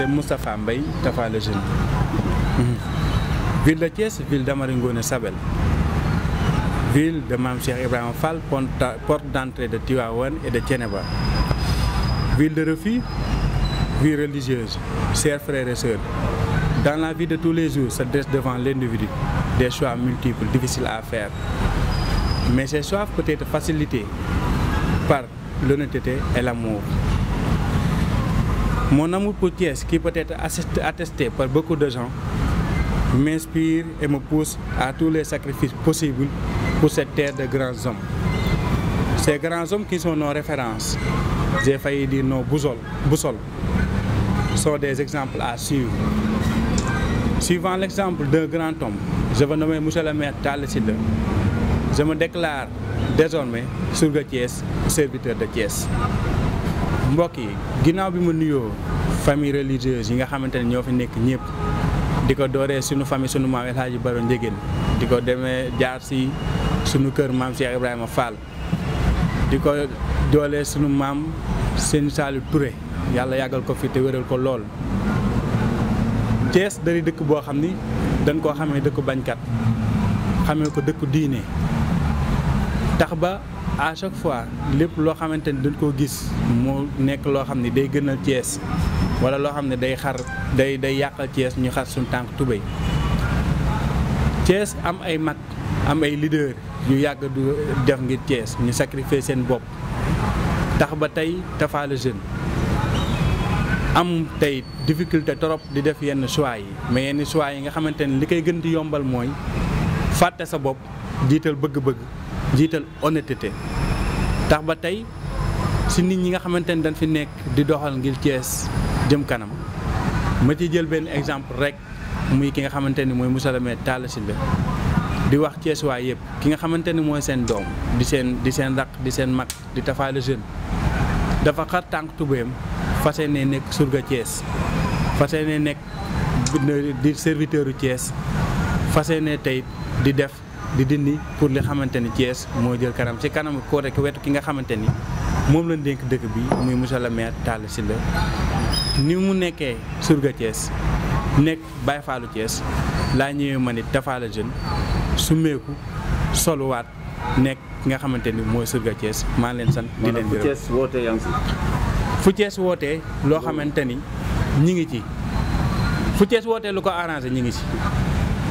c'est Moustapha Mbaye Tafa le jeune. ville de Thiès ville d'Amary Ngoné Sabel ville de Mame Cheikh Ibrahima Fall porte d'entrée de Tivaouane et de Thiénaba ville de refus vie religieuse chers frères dans la vie de tous les jours se dresse devant l'individu des choix multiples difficiles à faire mais ces choix peuvent être par l'honnêteté et l'amour Mon amour pour Thiès, qui peut être attesté par beaucoup de gens, m'inspire et me pousse à tous les sacrifices possibles pour cette terre de grands hommes. Ces grands hommes qui sont nos références, j'ai failli dire nos boussoles, sont des exemples à suivre. Suivant l'exemple d'un grand homme, je vais nommer Moussa le maire Je me déclare désormais sur le Thiès, serviteur de Thiès. mbokk yi ginnaaw bi ma nuyoo famille religieuse yi nga xamante ne ñoo fi nekk ñëpp di ko dooree sunu famille sunu maam El Hadji Baro Ndiéguène di ko demee jaar si sunu kër maam Cheikh Ibrahima Fall di ko doolee sunu maam seen Saliou Touré yàlla yàggal ko fi te wéral ko lool Thiès dari dëkk boo xam ni dañ koo xamee dëkk bañkat xamee ko dëkku diine tax ba à chaque fois lépp loo xamante ni dañ koo gis mu nekk loo xam ni day gënal Thiès wala loo xam ne day xar day day yàqal Thiès ñu xar suñu tànk tubéy Thiès am ay mat am ay leader yu yàgg du def ngir Thiès ñu sacrifier seen bopp tax ba tey tafaale jeune am tey difficulté trop di def yenn choix yi mais yenn choix yi nga xamante ni li koy gën di yombal mooy fàtte sa bopp jiital bëgg-bëgg jiital honnêteté tax ba tey si nit ñi nga xamante ni dañ fi nekk di doxal ngir cees jëm kanam ma ci jël benn exemple rek muy ki nga xamante ni mooy monsieur le maire Talla di wax Thiès waa yëpp ki nga xamante ni mooy seen doom di seen di seen rakk di seen mag di Tapha le jeune dafa xar tànk tubéyam fas yéene nekk surga Thiès fas yéene nekk di serviteuru Thiès fas yéene tey di def di dindi pour li xamante ni Thiès moo jël kanam ci kanam koo rek wetu ki nga xamante ni moom lañ dénk dëkk bi muy monsieur le maire Talla Sylla ni mu nekkee surga Thiès nekk Baye Fallou Thiès laa ñëwee ma nit dafa la jeune sumeeku soluwaat nekk nga xamante ni mooy surga Thiès maa ngi leen sant di leen gërëm fu Thiès wootee loo xamante ni ñi ngi ci fu Thiès wootee lu ko arrangé ñi ngi ci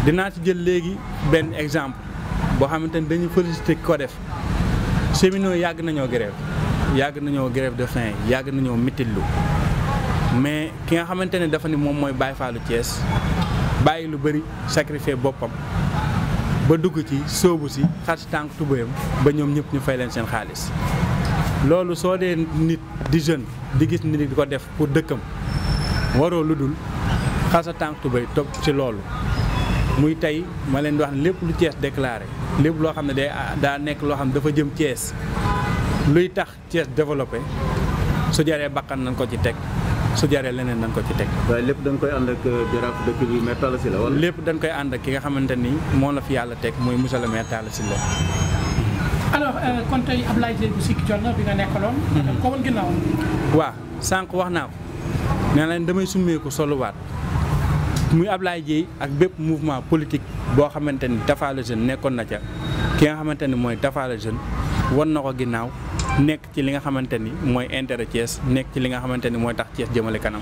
dinaa ci jël léegi benn exemple boo xamante ni dañu félicité ko def cheminots yàgg nañoo grève yàgg nañoo grève de faim yàgg nañoo mitillu mais ki nga xamante ne dafa ne moom mooy Baye Fallou cees bàyyi lu bëri sacrifier boppam ba dugg ci sóobu si xar si tànk tubéyam ba ñoom ñëpp ñu fay leen seen xaalis loolu soo dee nit di jeune di gis nit di ko def pour dëkkam waroo lu dul xar sa tànk tubéy topp ci loolu muy tey ma leen di wax ne lépp lu Thiès déclaré lépp loo xam ne day daa nekk loo xam ne dafa jëm Thiès luy tax cees développé su jaree bakkan nañ ko ci teg su jaree leneen nañ ko ci teg. waaye lépp dañ koy ànd ak euh, jaraaf dëkk bi maire Talla Sylla lépp dañ koy ànd ak ki nga xamante ni moom la fi yàlla teg mooy monsieur le maire Talla Sylla alors euh, kon tey Abdoulaye Dièye Sikki Dior bi nga nekkaloon. Mhm. ko woon ginnaaw. waaw sànq wax naa ko na leen damay summeeku soluwaat. muy Ablaye Dièye ak bépp mouvement politique boo xamante ni Tapha Jeune nekkoon na ca ki nga xamante ni mooy Tapha le Jeune wan na ko ginnaaw nekk ci li nga xamante ni mooy intérêt Thiès nekk ci li nga xamante ni mooy tax Thiès jëmale kanam.